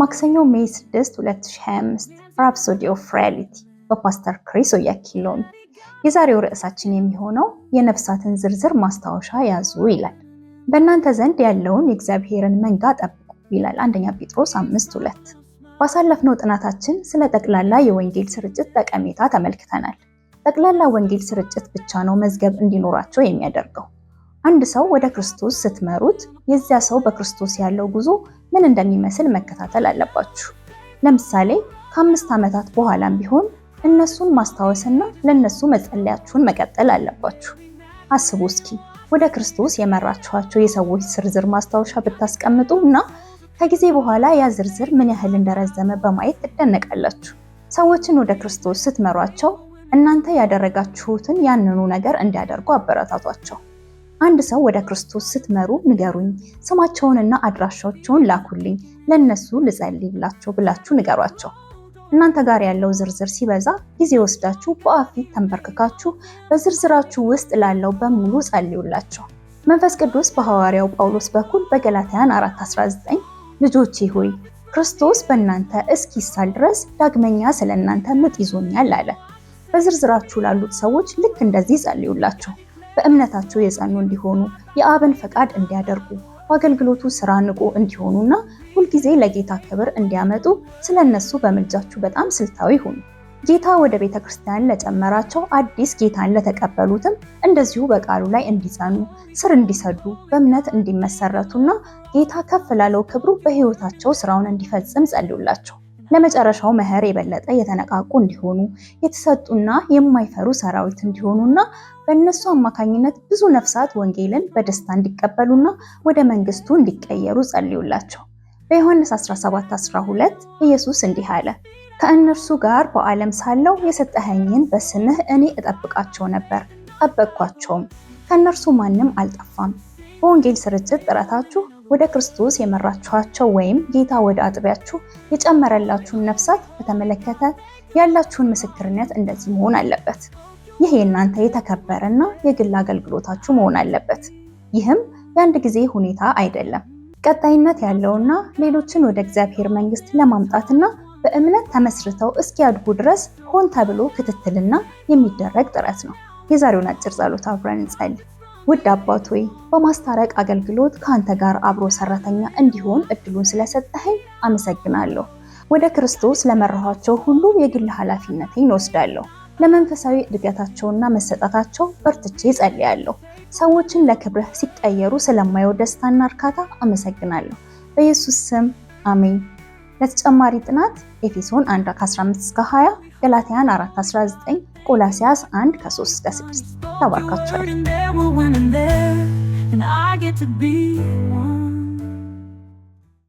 ማክሰኞ ሜይ 6 2025 ራፕሶዲ ኦፍ ሪያሊቲ በፓስተር ክሪስ ኦያኪሎሚ። የዛሬው ርዕሳችን የሚሆነው የነፍሳትን ዝርዝር ማስታወሻ ያዙ ይላል። በእናንተ ዘንድ ያለውን የእግዚአብሔርን መንጋ ጠብቁ ይላል አንደኛ ጴጥሮስ 5 2። ባሳለፍነው ጥናታችን ስለ ጠቅላላ የወንጌል ስርጭት ጠቀሜታ ተመልክተናል። ጠቅላላ ወንጌል ስርጭት ብቻ ነው መዝገብ እንዲኖራቸው የሚያደርገው አንድ ሰው ወደ ክርስቶስ ስትመሩት የዚያ ሰው በክርስቶስ ያለው ጉዞ ምን እንደሚመስል መከታተል አለባችሁ። ለምሳሌ ከአምስት ዓመታት በኋላም ቢሆን እነሱን ማስታወስና ለነሱ መጸለያችሁን መቀጠል አለባችሁ። አስቡ እስኪ ወደ ክርስቶስ የመራችኋቸው የሰዎች ዝርዝር ማስታወሻ ብታስቀምጡ እና ከጊዜ በኋላ ያ ዝርዝር ምን ያህል እንደረዘመ በማየት ትደነቃላችሁ። ሰዎችን ወደ ክርስቶስ ስትመሯቸው እናንተ ያደረጋችሁትን ያንኑ ነገር እንዲያደርጉ አበረታቷቸው። አንድ ሰው ወደ ክርስቶስ ስትመሩ ንገሩኝ፣ ስማቸውንና አድራሻቸውን ላኩልኝ፣ ለእነሱ ልጸልይ ብላችሁ ንገሯቸው። እናንተ ጋር ያለው ዝርዝር ሲበዛ ጊዜ ወስዳችሁ በአፊት ተንበርክካችሁ በዝርዝራችሁ ውስጥ ላለው በሙሉ ጸልዩላቸው። መንፈስ ቅዱስ በሐዋርያው ጳውሎስ በኩል በገላትያን 4:19 ልጆቼ ሆይ ክርስቶስ በእናንተ እስኪሳል ድረስ ዳግመኛ ስለ እናንተ ምጥ ይዞኛል አለ። በዝርዝራችሁ ላሉት ሰዎች ልክ እንደዚህ ጸልዩላቸው። በእምነታቸው የጸኑ እንዲሆኑ የአብን ፈቃድ እንዲያደርጉ በአገልግሎቱ ስራ ንቁ እንዲሆኑና ሁልጊዜ ለጌታ ክብር እንዲያመጡ ስለ እነሱ በምልጃችሁ በጣም ስልታዊ ሁኑ። ጌታ ወደ ቤተ ክርስቲያን ለጨመራቸው አዲስ ጌታን ለተቀበሉትም እንደዚሁ በቃሉ ላይ እንዲጸኑ ስር እንዲሰዱ በእምነት እንዲመሰረቱና ጌታ ከፍ ላለው ክብሩ በሕይወታቸው ስራውን እንዲፈጽም ጸልዩላቸው። ለመጨረሻው መኸር የበለጠ የተነቃቁ እንዲሆኑ የተሰጡና የማይፈሩ ሰራዊት እንዲሆኑና በእነሱ አማካኝነት ብዙ ነፍሳት ወንጌልን በደስታ እንዲቀበሉና ወደ መንግስቱ እንዲቀየሩ ጸልዩላቸው። በዮሐንስ 17:12 ኢየሱስ እንዲህ አለ፣ ከእነርሱ ጋር በዓለም ሳለው የሰጠኸኝን በስምህ እኔ እጠብቃቸው ነበር፣ ጠበቅኳቸውም፣ ከእነርሱ ማንም አልጠፋም። በወንጌል ስርጭት ጥረታችሁ ወደ ክርስቶስ የመራችኋቸው ወይም ጌታ ወደ አጥቢያችሁ የጨመረላችሁን ነፍሳት በተመለከተ ያላችሁን ምስክርነት እንደዚህ መሆን አለበት። ይህ የእናንተ የተከበረና የግል አገልግሎታችሁ መሆን አለበት። ይህም የአንድ ጊዜ ሁኔታ አይደለም። ቀጣይነት ያለውና ሌሎችን ወደ እግዚአብሔር መንግስት ለማምጣትና በእምነት ተመስርተው እስኪያድጉ ድረስ ሆን ተብሎ ክትትልና የሚደረግ ጥረት ነው። የዛሬውን አጭር ጸሎት አብረን እንጸልይ። ውድ አባት ሆይ በማስታረቅ አገልግሎት ከአንተ ጋር አብሮ ሰራተኛ እንዲሆን እድሉን ስለሰጠኸኝ አመሰግናለሁ። ወደ ክርስቶስ ለመራኋቸው ሁሉ የግል ኃላፊነቴን እወስዳለሁ። ለመንፈሳዊ እድገታቸውና መሰጠታቸው በርትቼ እጸልያለሁ። ሰዎችን ለክብርህ ሲቀየሩ ስለማየው ደስታና እርካታ አመሰግናለሁ። በኢየሱስ ስም አሜን። ለተጨማሪ ጥናት ኤፌሶን 1:15-20፣ ገላትያን 4:19 ቆላሲያስ 1 ከ3 እስከ 6 ተባርካችኋል።